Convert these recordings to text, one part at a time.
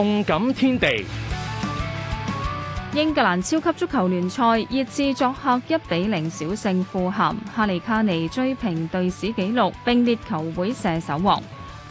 動感天地，英格蘭超級足球聯賽，熱刺作客一比零小勝富咸，哈利卡尼追平隊史紀錄，並列球會射手王。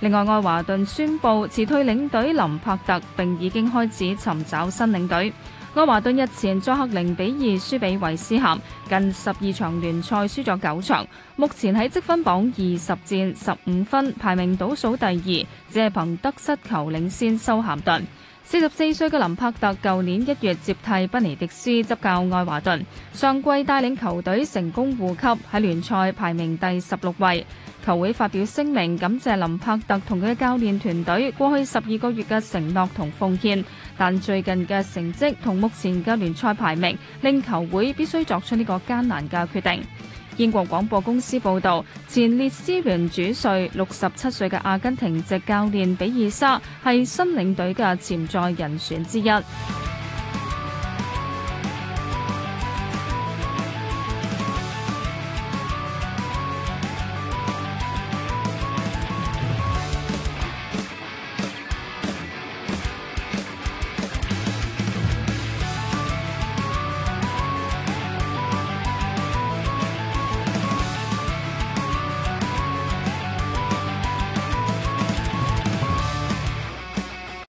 另外，愛華頓宣布辭退領隊林柏特，並已經開始尋找新領隊。愛華頓日前作客零比二輸俾維斯咸，近十二場聯賽輸咗九場，目前喺積分榜二十戰十五分，排名倒數第二，只係憑得失球領先修咸頓。四十四歲嘅林柏特，舊年一月接替賓尼迪斯執教愛華頓，上季帶領球隊成功護級，喺聯賽排名第十六位。球會發表聲明感謝林柏特同佢嘅教練團隊過去十二個月嘅承諾同奉獻，但最近嘅成績同目前嘅聯賽排名，令球會必須作出呢個艱難嘅決定。英國廣播公司報導，前列斯聯主帥六十七歲嘅阿根廷籍，籍教練比爾莎係新領隊嘅潛在人選之一。